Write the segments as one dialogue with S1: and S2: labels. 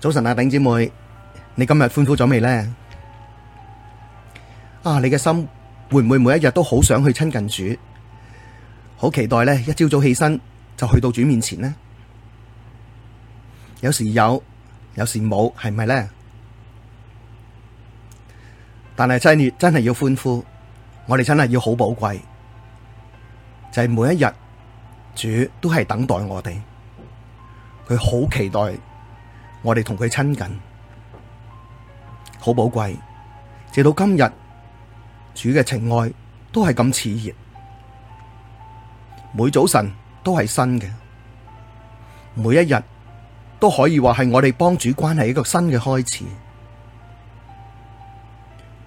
S1: 早晨啊，頂姐妹，你今日歡呼咗未呢？啊，你嘅心會唔會每一日都好想去親近主？好期待呢，一朝早起身就去到主面前呢。有時有，有時冇，係咪呢？但係真係真係要歡呼，我哋真係要好寶貴，就係每一日主都係等待我哋，佢好期待。我哋同佢親近，好寶貴。直到今日，主嘅情愛都係咁熾熱，每早晨都係新嘅，每一日都可以話係我哋幫主關係一個新嘅開始。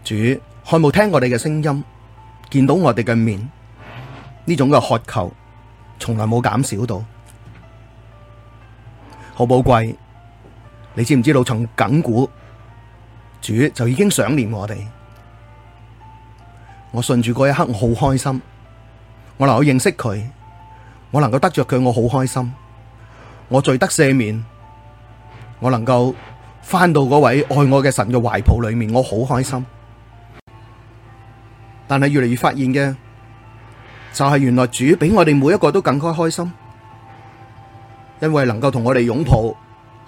S1: 主渴望聽我哋嘅聲音，見到我哋嘅面，呢種嘅渴求從來冇減少到，好寶貴。你知唔知道，從亙古主就已經想念我哋？我順住嗰一刻，我好開心。我能夠認識佢，我能夠得着佢，我好開心。我罪得赦免，我能夠返到嗰位愛我嘅神嘅懷抱裏面，我好開心。但係越嚟越發現嘅就係、是、原來主比我哋每一個都更加開心，因為能夠同我哋擁抱。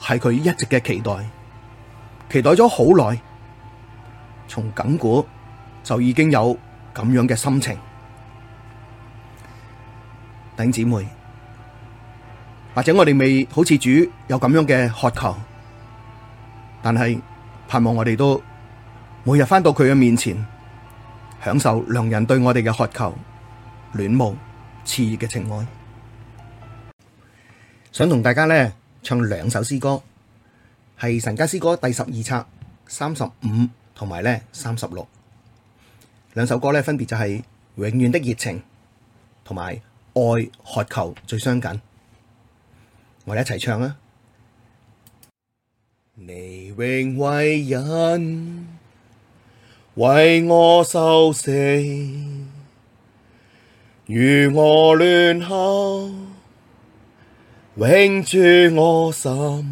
S1: 係佢一直嘅期待，期待咗好耐，從亙古就已經有咁樣嘅心情。弟兄姊妹，或者我哋未好似主有咁樣嘅渴求，但係盼望我哋都每日返到佢嘅面前，享受良人對我哋嘅渴求、戀慕、熾熱嘅情愛。想同大家呢。唱兩首詩歌，係《神家詩歌》第十二冊三十五同埋呢三十六兩首歌呢，分別就係、是《永遠的熱情》同埋《愛渴求最相近》。我哋一齊唱啊！
S2: 祢永為人，為我受死，與我聯合，永住我心，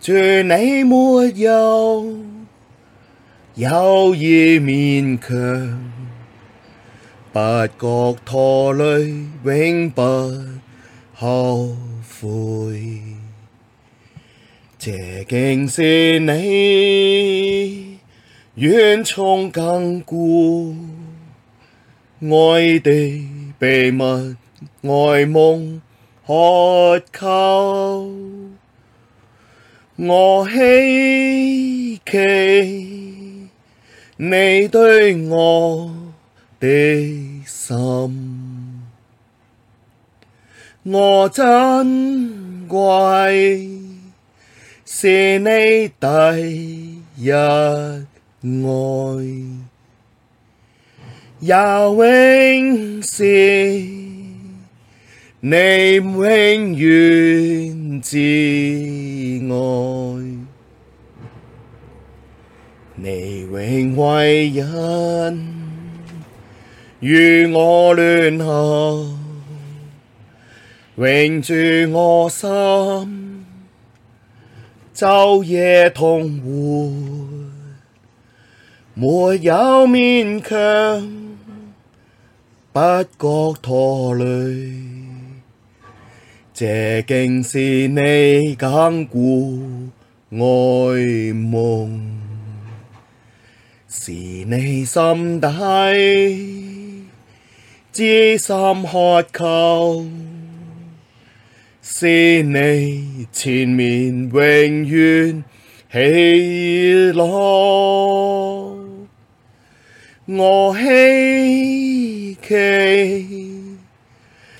S2: 主，祢沒有猶疑勉強，不覺拖累，永不後悔。這竟是你遠從亙古，愛的秘密愛夢。渴求，我希奇你對我的心，我珍貴是你第一愛，也永是，你永遠至愛，你永為人，與我聯合，永住我心，晝夜同活，沒有勉強，不覺拖累。這竟是你亙古愛夢，是你心底至深渴求，是你前面永遠喜樂，我希奇。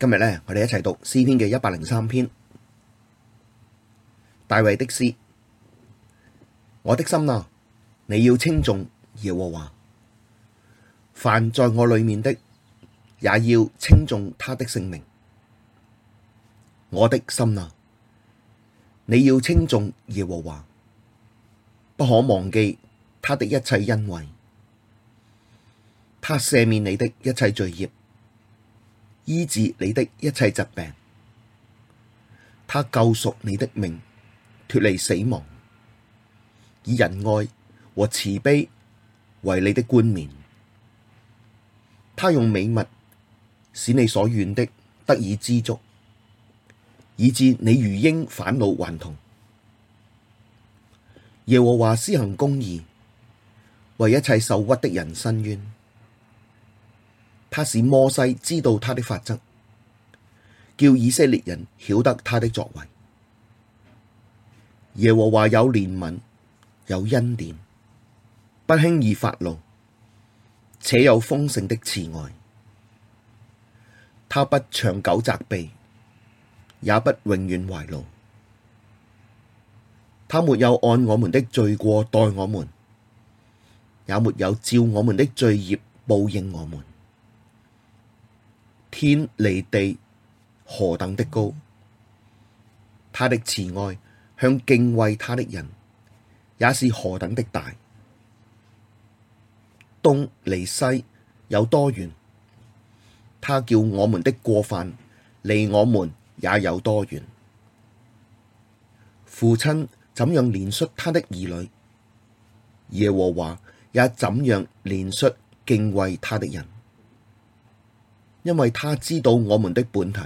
S1: 今日咧，我哋一齊讀詩篇嘅一百零三篇，大衛的詩。我的心啊，你要稱頌耶和華，凡在我裏面的，也要稱頌他的聖名。我的心啊，你要稱頌耶和華，不可忘記他的一切恩惠，他赦免你的一切罪孽。醫治你的一切疾病，他救贖你的命，脫離死亡，以仁愛和慈悲為你的冠冕。他用美物使你所願的得以知足，以致你如鷹返老還童。耶和華施行公義，為一切受屈的人伸冤。他使摩西知道他的法則，叫以色列人曉得他的作為。耶和華有憐憫，有恩典，不輕易發怒，且有豐盛的慈愛。他不長久責備，也不永遠懷怒。他沒有按我們的罪過待我們，也沒有照我們的罪孽報應我們。天離地何等的高，他的慈愛向敬畏他的人也是何等的大。東離西有多遠，他叫我們的過犯離我們也有多遠。父親怎樣憐恤他的兒女，耶和華也怎樣憐恤敬畏他的人。因為他知道我們的本體，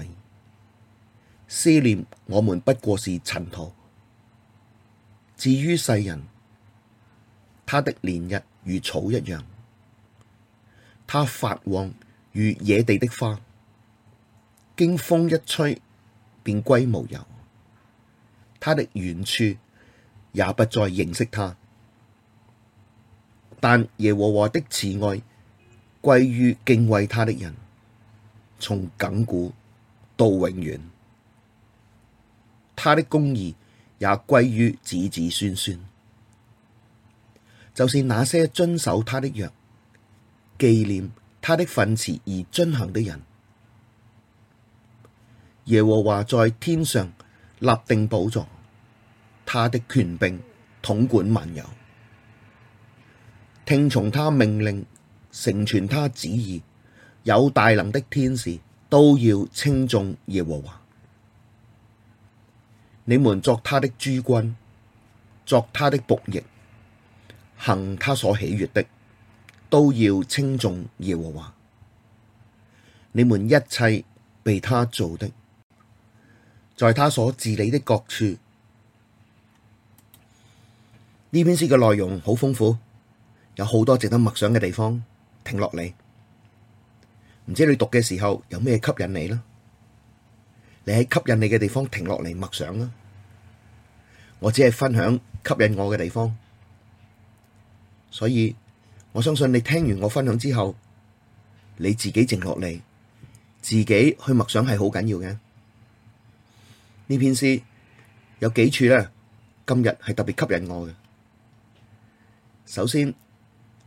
S1: 思念我們不過是塵土。至於世人，他的年日如草一樣，他發旺如野地的花，經風一吹便歸無有。他的原處也不再認識他，但耶和華的慈愛歸於敬畏他的人。從亙古到永遠，他的公義也歸於子子孫孫。就是那些遵守他的約、紀念他的訓詞而遵行的人。耶和華在天上立定寶座，他的權柄統管萬有，聽從他命令，成全他旨意。有大能的天使都要稱頌耶和華，你們作他的諸軍，作他的僕役，行他所喜悅的，都要稱頌耶和華。你們一切被他造的，在他所治理的各處。呢篇詩嘅內容好豐富，有好多值得默想嘅地方，停落嚟。唔知你讀嘅時候有咩吸引你呢？你喺吸引你嘅地方停落嚟，默想啦。我只係分享吸引我嘅地方，所以我相信你聽完我分享之後，你自己靜落嚟，自己去默想係好緊要嘅。呢篇詩有幾處咧，今日係特別吸引我嘅。首先，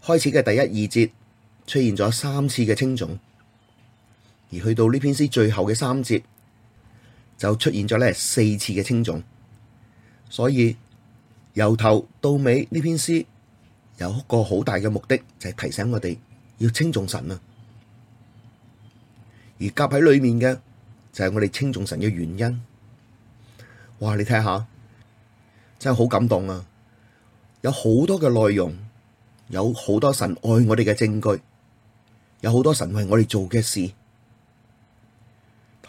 S1: 開始嘅第一二節出現咗三次嘅稱頌。而去到呢篇詩最後嘅三節，就出現咗咧四次嘅稱頌。所以由頭到尾呢篇詩有一個好大嘅目的，就係、是、提醒我哋要稱頌神啊！而夾喺裏面嘅就係、是、我哋稱頌神嘅原因。哇！你睇下，真係好感動啊！有好多嘅內容，有好多神愛我哋嘅證據，有好多神為我哋做嘅事。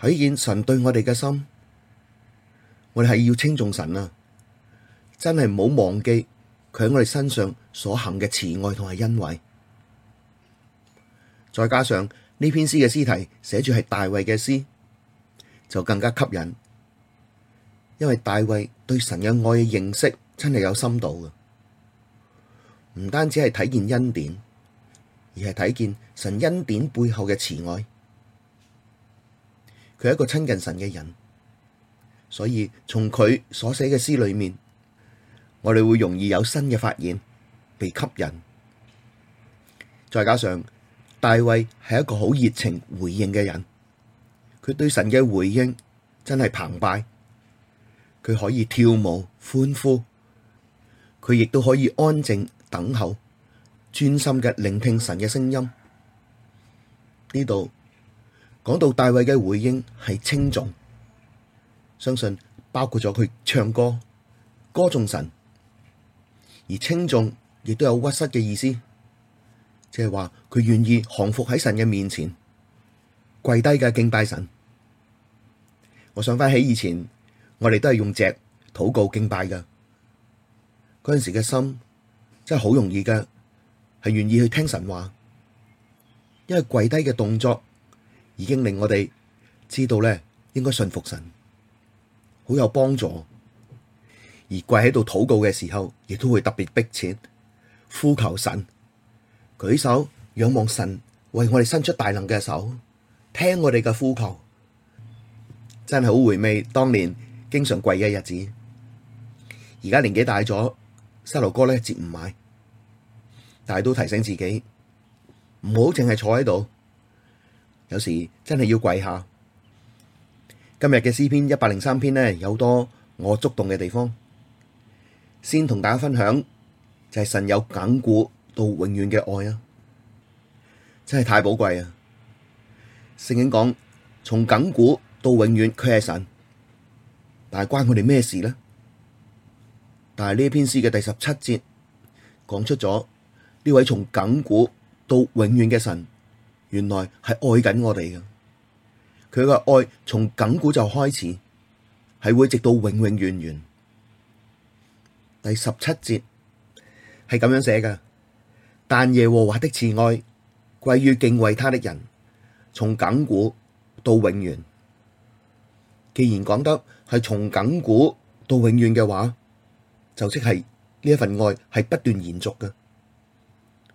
S1: 睇見神對我哋嘅心，我哋係要稱頌神啊！真係唔好忘記佢喺我哋身上所行嘅慈愛同埋恩惠。再加上呢篇詩嘅詩題寫住係大衛嘅詩，就更加吸引。因為大衛對神嘅愛嘅認識真係有深度嘅，唔單止係睇見恩典，而係睇見神恩典背後嘅慈愛。佢係一個親近神嘅人，所以從佢所寫嘅詩裏面，我哋會容易有新嘅發現，被吸引。再加上大衛係一個好熱情回應嘅人，佢對神嘅回應真係澎湃。佢可以跳舞歡呼，佢亦都可以安靜等候，專心嘅聆聽神嘅聲音。呢度。講到大衛嘅回應係稱頌，相信包括咗佢唱歌歌頌神，而稱頌亦都有屈膝嘅意思，即係話佢願意降服喺神嘅面前跪低嘅敬拜神。我想翻起以前，我哋都係用只禱告敬拜噶，嗰陣時嘅心真係好容易噶，係願意去聽神話，因為跪低嘅動作，已經令我哋知道咧，應該信服神，好有幫助。而跪喺度禱告嘅時候，亦都會特別迫切，呼求神，舉手仰望神，為我哋伸出大能嘅手，聽我哋嘅呼求。真係好回味當年經常跪嘅日子。而家年紀大咗，細路哥咧接唔埋，但係都提醒自己，唔好淨係坐喺度。有時真係要跪下。今日嘅詩篇一百零三篇呢，有好多我觸動嘅地方。先同大家分享就係神有亙古到永遠嘅愛啊！真係太寶貴啊！聖經講從亙古到永遠，佢係神，但係關我哋咩事呢？但係呢篇詩嘅第十七節講出咗呢位從亙古到永遠嘅神。原來係愛緊我哋嘅，佢嘅愛從亙古就開始，係會直到永永遠遠。第十七節係咁樣寫嘅，但耶和華的慈愛歸於敬畏他的人，從亙古到永遠。既然講得係從亙古到永遠嘅話，就即係呢一份愛係不斷延續嘅。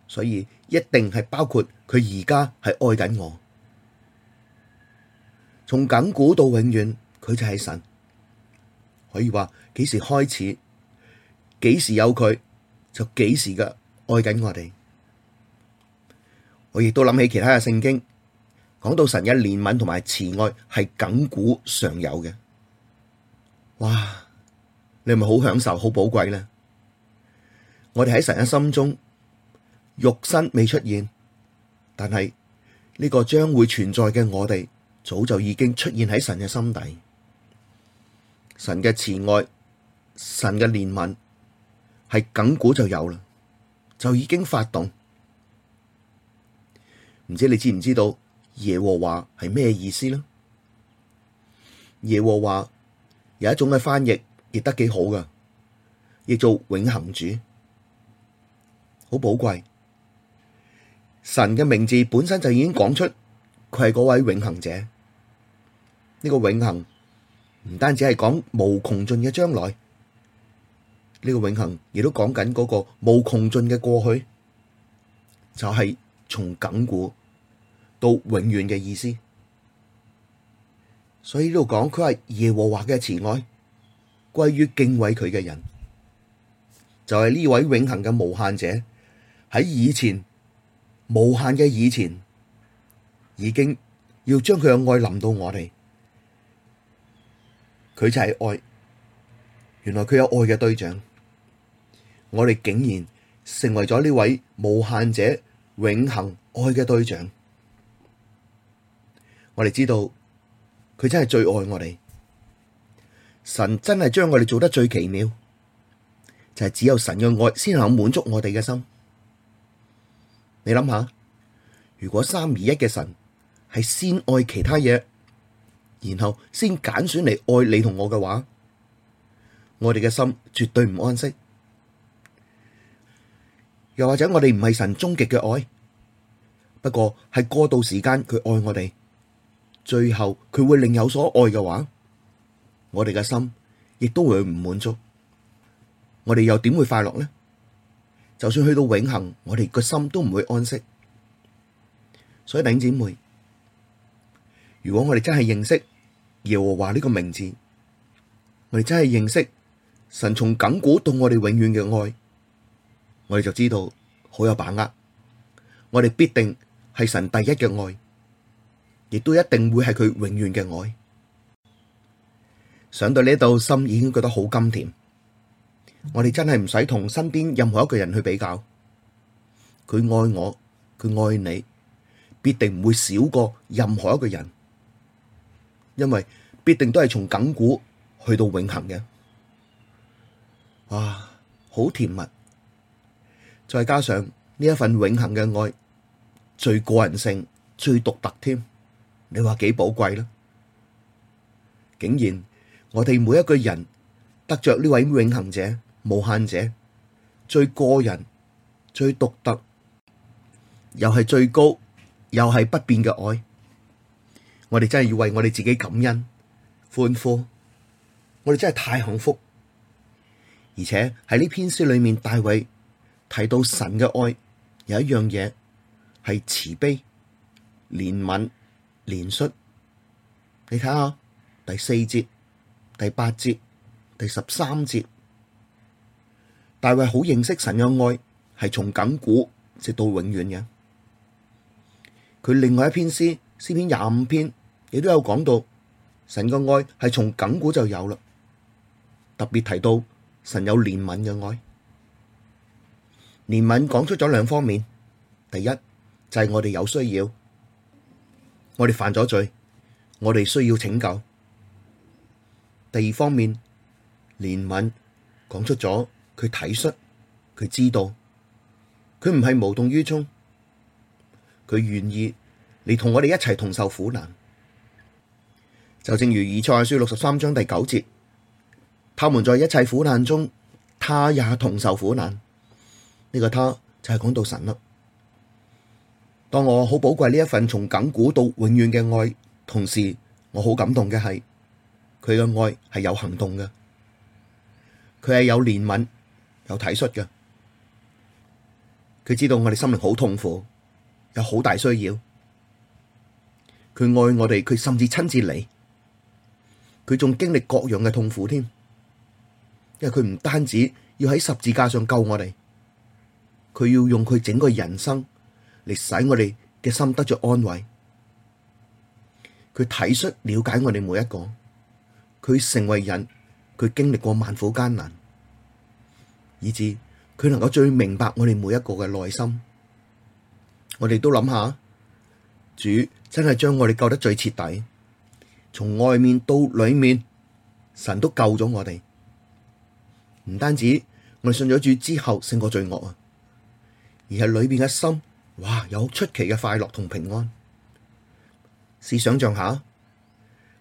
S1: 所以一定係包括佢而家係愛緊我，從亙古到永遠，佢就係神。可以話幾時開始，幾時有佢，就幾時嘅愛緊我哋。我亦都諗起其他嘅聖經，講到神嘅憐憫同埋慈愛係亙古常有嘅。哇！你係咪好享受、好寶貴呢？我哋喺神嘅心中。肉身未出現，但係呢個將會存在嘅我哋，早就已經出現喺神嘅心底。神嘅慈愛，神嘅憐憫，係亘古就有啦，就已經發動。唔知你知唔知道耶和華係咩意思呢？耶和華有一種嘅翻譯譯得幾好噶，譯做永恒主，好寶貴。神嘅名字本身就已經講出佢係嗰位永恒者。呢、這個永恒唔單止係講無窮盡嘅將來，呢、這個永恒亦都講緊嗰個無窮盡嘅過去，就係、是、從亙古到永遠嘅意思。所以呢度講佢係耶和華嘅慈愛歸於敬畏佢嘅人，就係、是、呢位永恒嘅無限者喺以前。無限嘅以前，已經要將佢嘅愛臨到我哋，佢就係愛。原來佢有愛嘅對象，我哋竟然成為咗呢位無限者永恆愛嘅對象。我哋知道佢真係最愛我哋，神真係將我哋做得最奇妙，就係只有神嘅愛先能滿足我哋嘅心。你諗下，如果三二一嘅神係先愛其他嘢，然後先揀選嚟愛你同我嘅話，我哋嘅心絕對唔安息。又或者我哋唔係神終極嘅愛，不過係過渡時間佢愛我哋，最後佢會另有所愛嘅話，我哋嘅心亦都會唔滿足，我哋又點會快樂呢？就算去到永恆，我哋個心都唔會安息。所以弟兄姊妹，如果我哋真係認識耶和華呢個名字，我哋真係認識神從亙古到我哋永遠嘅愛，我哋就知道好有把握。我哋必定係神第一嘅愛，亦都一定會係佢永遠嘅愛。想到呢度，心已經覺得好甘甜。我哋真係唔使同身邊任何一個人去比較，佢愛我，佢愛你，必定唔會少過任何一個人，因為必定都係從亙古去到永恒嘅。啊，好甜蜜！再加上呢一份永恒嘅愛，最個人性、最獨特添，你話幾寶貴啦？竟然我哋每一個人得着呢位永恒者。無限者，最個人、最獨特，又係最高，又係不變嘅愛。我哋真係要為我哋自己感恩歡呼。我哋真係太幸福，而且喺呢篇書裏面，大衛提到神嘅愛有一樣嘢係慈悲、憐憫、憐恤。你睇下第四節、第八節、第十三節。大衛好認識神嘅愛，係從亙古直到永遠嘅。佢另外一篇詩，詩篇廿五篇，亦都有講到神嘅愛係從亙古就有啦。特別提到神有憐憫嘅愛，憐憫講出咗兩方面，第一就係、是、我哋有需要，我哋犯咗罪，我哋需要拯救；第二方面，憐憫講出咗。佢體恤，佢知道，佢唔係無動於衷，佢願意嚟，同我哋一齊同受苦難。就正如以賽書六十三章第九節，他們在一切苦難中，他也同受苦難。呢、這個他就係講到神啦。當我好寶貴呢一份從亙古到永遠嘅愛，同時我好感動嘅係佢嘅愛係有行動嘅，佢係有憐憫，有體恤嘅，佢知道我哋生命好痛苦，有好大需要。佢愛我哋，佢甚至親自嚟，佢仲經歷各樣嘅痛苦添。因為佢唔單止要喺十字架上救我哋，佢要用佢整個人生嚟使我哋嘅心得着安慰。佢體恤了解我哋每一個，佢成為人，佢經歷過萬苦艱難。以至佢能夠最明白我哋每一個嘅內心，我哋都諗下，主真係將我哋救得最徹底，從外面到裏面，神都救咗我哋。唔單止我哋信咗主之後勝過罪惡啊，而係裏面嘅心哇，有出奇嘅快樂同平安。試想象下，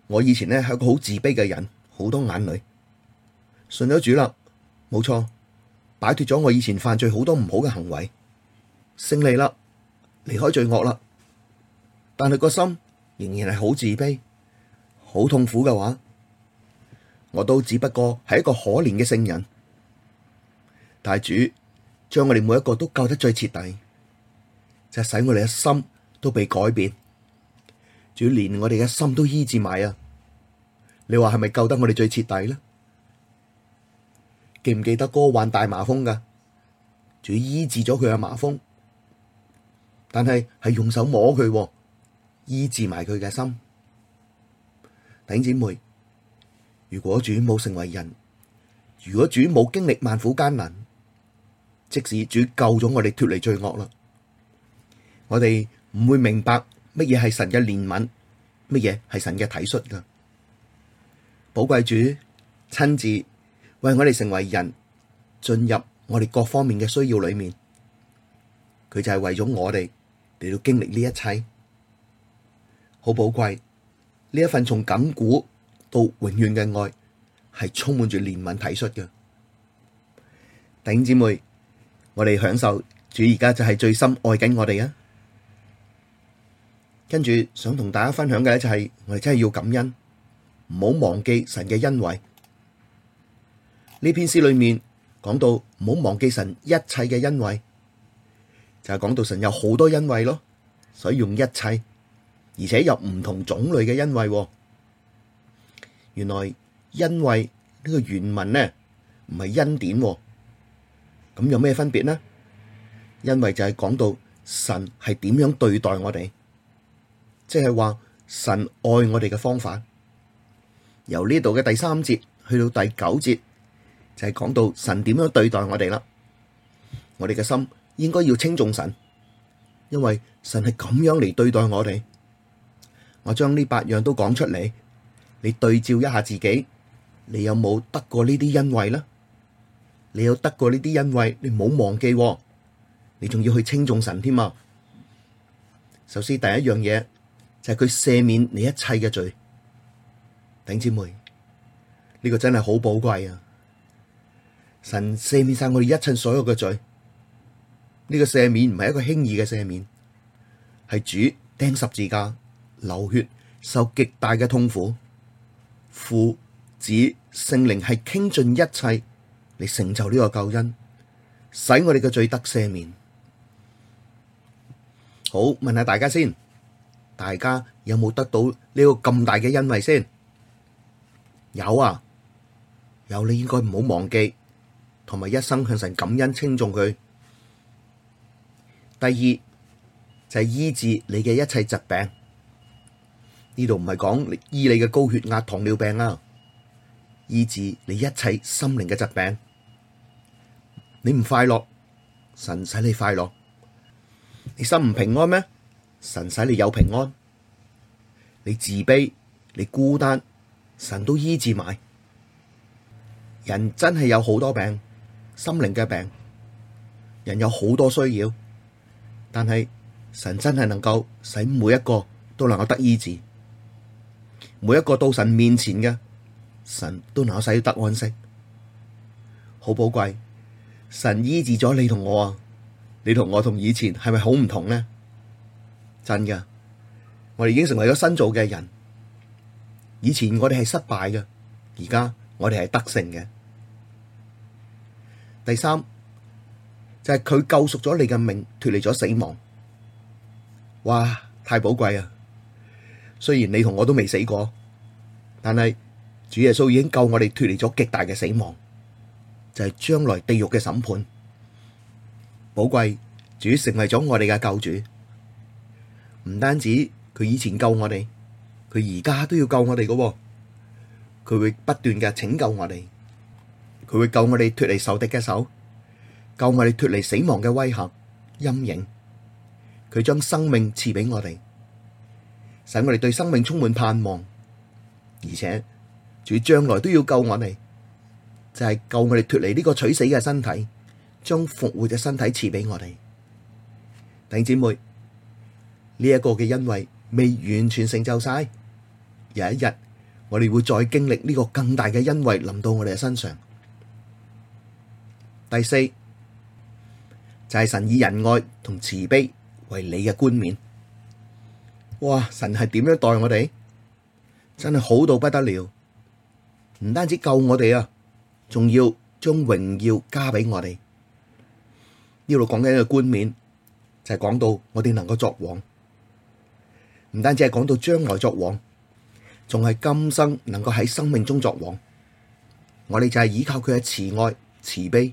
S1: 我以前咧係一個好自卑嘅人，好多眼淚，信咗主啦，冇錯。擺脫咗我以前犯罪好多唔好嘅行為，勝利啦，離開罪惡啦，但係個心仍然係好自卑、好痛苦嘅話，我都只不過係一個可憐嘅聖人。大主將我哋每一個都救得最徹底，就係使我哋嘅心都被改變，主連我哋嘅心都醫治埋啊！你話係咪救得我哋最徹底咧？記唔記得哥患大麻風嘅，主醫治咗佢嘅麻風，但係係用手摸佢，醫治埋佢嘅心。弟兄姊妹，如果主冇成為人，如果主冇經歷萬苦艱難，即使主救咗我哋脱離罪惡啦，我哋唔會明白乜嘢係神嘅憐憫，乜嘢係神嘅體恤噶。寶貴主親自。為我哋成為人，進入我哋各方面嘅需要裏面，佢就係為咗我哋嚟到經歷呢一切，好寶貴。呢一份從亙古到永遠嘅愛，係充滿住憐憫體恤嘅。弟兄姊妹，我哋享受主而家就係最深愛緊我哋啊！跟住想同大家分享嘅就係，我哋真係要感恩，唔好忘記神嘅恩惠。呢篇詩裏面講到唔好忘記神一切嘅恩惠，就係講到神有好多恩惠咯，所以用一切，而且有唔同種類嘅恩惠。原來恩惠呢個原文呢唔係恩典，咁有咩分別呢？恩惠就係講到神係點樣對待我哋，即係話神愛我哋嘅方法。由呢度嘅第三節去到第九節。就係講到神點樣對待我哋啦，我哋嘅心應該要稱頌神，因為神係咁樣嚟對待我哋。我將呢八樣都講出嚟，你對照一下自己，你有冇得過呢啲恩惠咧？你有得過呢啲恩惠，你唔好忘記、哦，你仲要去稱頌神添啊！首先第一樣嘢就係、是、佢赦免你一切嘅罪，頂姊妹呢、這個真係好寶貴啊！神赦免晒我哋一切所有嘅罪，呢個赦免唔係一個輕易嘅赦免，係主釘十字架、流血、受極大嘅痛苦，父子聖靈係傾盡一切嚟成就呢個救恩，使我哋嘅罪得赦免。好，問下大家先，大家有冇得到呢個咁大嘅恩惠先？有啊，有，你應該唔好忘記。同埋一生向神感恩稱頌佢。第二就係、是、醫治你嘅一切疾病，呢度唔係講醫你嘅高血壓、糖尿病啊，醫治你一切心靈嘅疾病。你唔快樂，神使你快樂；你心唔平安咩？神使你有平安。你自卑、你孤單，神都醫治埋。人真係有好多病。心靈嘅病，人有好多需要，但係神真係能夠使每一個都能夠得醫治，每一個到神面前嘅神都能夠使得，得安息，好寶貴。神醫治咗你同我，啊，你同我同以前係咪好唔同呢？真噶，我哋已經成為咗新造嘅人。以前我哋係失敗嘅，而家我哋係得勝嘅。第三就係佢救贖咗你嘅命，脫離咗死亡。哇，太寶貴啊！雖然你同我都未死過，但係主耶穌已經救我哋脫離咗極大嘅死亡，就係將來地獄嘅審判。寶貴，主成為咗我哋嘅救主。唔單止佢以前救我哋，佢而家都要救我哋嘅，佢會不斷嘅拯救我哋。佢會救我哋脫離仇敵嘅手，救我哋脫離死亡嘅威嚇、陰影。佢將生命賜俾我哋，使我哋對生命充滿盼望。而且，主將來都要救我哋，就係救我哋脫離呢個取死嘅身體，將復活嘅身體賜俾我哋。弟兄姊妹，呢一個嘅恩惠未完全成就晒。有一日，我哋會再經歷呢個更大嘅恩惠，臨到我哋嘅身上。第四就係神以仁愛同慈悲為你嘅冠冕，哇！神係點樣待我哋？真係好到不得了，唔單止救我哋啊，仲要將榮耀加畀我哋。呢度講緊嘅冠冕就係講到我哋能夠作王，唔單止係講到將來作王，仲係今生能夠喺生命中作王。我哋就係依靠佢嘅慈愛、慈悲。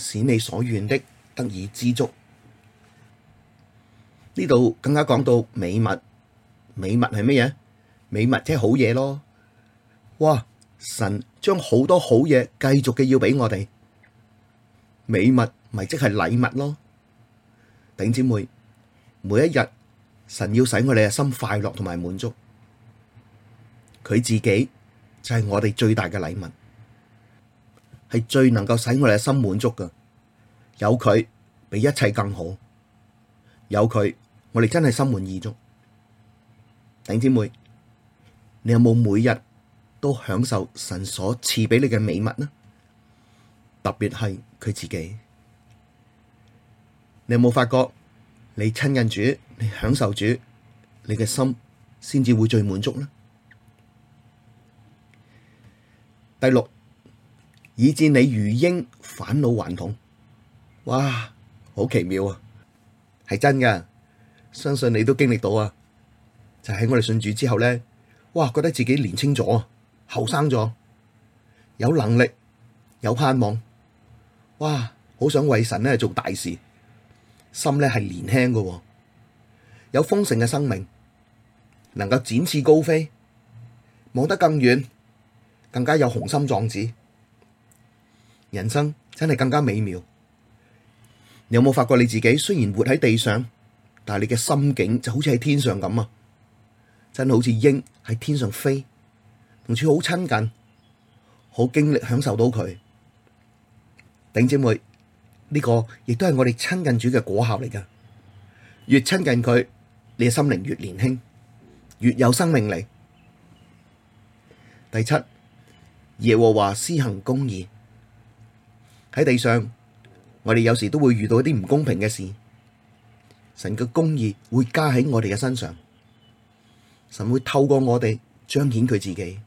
S1: 使你所願的得以知足。呢度更加講到美物，美物係乜嘢？美物即係好嘢咯。哇！神將好多好嘢繼續嘅要俾我哋。美物咪即係禮物咯。頂姐妹，每一日神要使我哋嘅心快樂同埋滿足。佢自己就係我哋最大嘅禮物。係最能夠使我哋嘅心滿足噶有佢比一切更好，有佢我哋真係心滿意足。弟兄姊妹，你有冇每日都享受神所賜俾你嘅美物呢？特別係佢自己，你有冇發覺你親近主，你享受主，你嘅心先至會最滿足呢？第六。以致你如鷹返老還童，哇，好奇妙啊！係真嘅，相信你都經歷到啊！就喺、是、我哋信主之後咧，哇，覺得自己年輕咗，後生咗，有能力，有盼望，哇，好想為神咧做大事，心咧係年輕嘅，有豐盛嘅生命，能夠展翅高飛，望得更遠，更加有雄心壯志。人生真係更加美妙。你有冇發覺你自己雖然活喺地上，但係你嘅心境就好似喺天上咁啊！真好似鷹喺天上飛，同住好親近，好經歷享受到佢。頂姐妹呢個亦都係我哋親近主嘅果效嚟噶。越親近佢，你嘅心靈越年輕，越有生命力。第七，耶和華施行公義。喺地上，我哋有時都會遇到一啲唔公平嘅事。神嘅公義會加喺我哋嘅身上，神會透過我哋彰顯佢自己。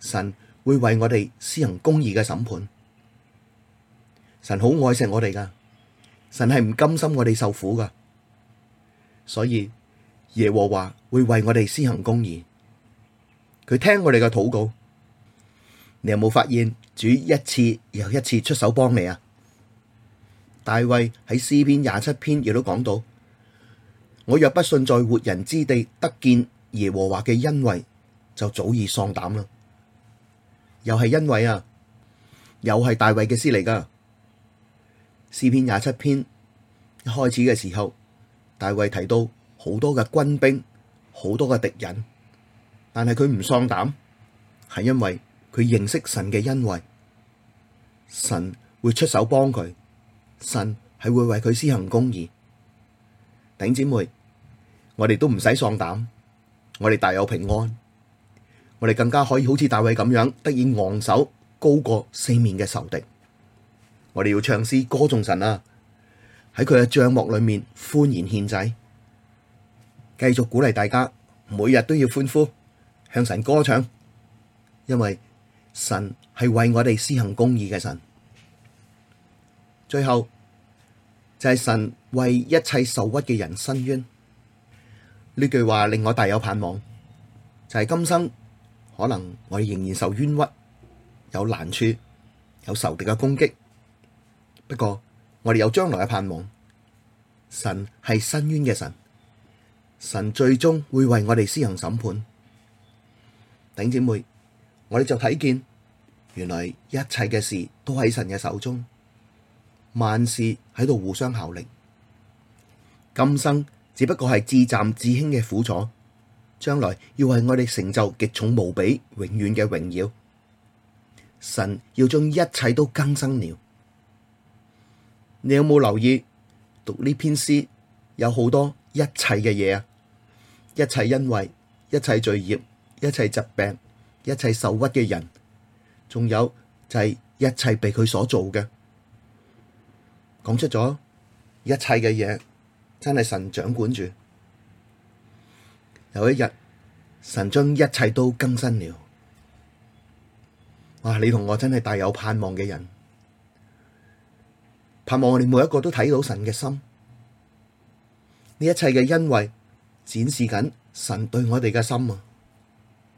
S1: 神會為我哋施行公義嘅審判。神好愛惜我哋噶，神係唔甘心我哋受苦噶，所以耶和華會為我哋施行公義。佢聽我哋嘅禱告。你有冇發現主一次又一次出手幫你啊？大衛喺詩篇廿七篇亦都講到：我若不信在活人之地得見耶和華嘅恩惠，就早已喪膽啦。又係因為啊，又係大衛嘅詩嚟噶。詩篇廿七篇一開始嘅時候，大衛提到好多嘅軍兵，好多嘅敵人，但係佢唔喪膽，係因為。佢認識神嘅恩惠，神會出手幫佢，神係會為佢施行公義。頂姊妹，我哋都唔使喪膽，我哋大有平安，我哋更加可以好似大衛咁樣，得以昂首高過四面嘅仇敵。我哋要唱詩歌頌神啊！喺佢嘅帳幕裏面歡然獻祭，繼續鼓勵大家每日都要歡呼向神歌唱，因為。神係為我哋施行公義嘅神，最後就係、是、神為一切受屈嘅人伸冤。呢句話令我大有盼望，就係、是、今生可能我哋仍然受冤屈，有難處，有仇敵嘅攻擊。不過我哋有將來嘅盼望，神係伸冤嘅神，神最終會為我哋施行審判。頂姐妹。我哋就睇見，原來一切嘅事都喺神嘅手中，萬事喺度互相效力。今生只不過係至暫至輕嘅苦楚，將來要為我哋成就極重無比、永遠嘅榮耀。神要將一切都更新了。你有冇留意讀呢篇詩？有好多一切嘅嘢啊，一切恩惠，一切罪孽，一切疾病。一切受屈嘅人，仲有就係一切被佢所做嘅，講出咗一切嘅嘢，真係神掌管住。有一日，神將一切都更新了。哇！你同我真係大有盼望嘅人，盼望我哋每一個都睇到神嘅心。呢一切嘅恩惠，展示緊神對我哋嘅心啊！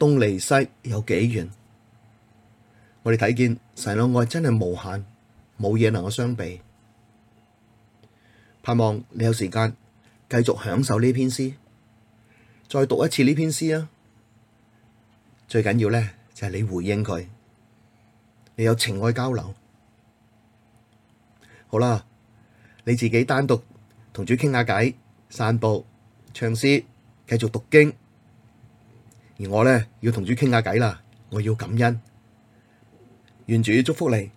S1: 東離西有幾遠？我哋睇見神嘅愛真係無限，冇嘢能夠相比。盼望你有時間繼續享受呢篇詩，再讀一次呢篇詩啊！最緊要咧就係、是、你回應佢，你有情愛交流。好啦，你自己單獨同主傾下偈，散步、唱詩、繼續讀經。而我呢，要同主傾下偈啦，我要感恩，願主祝福你。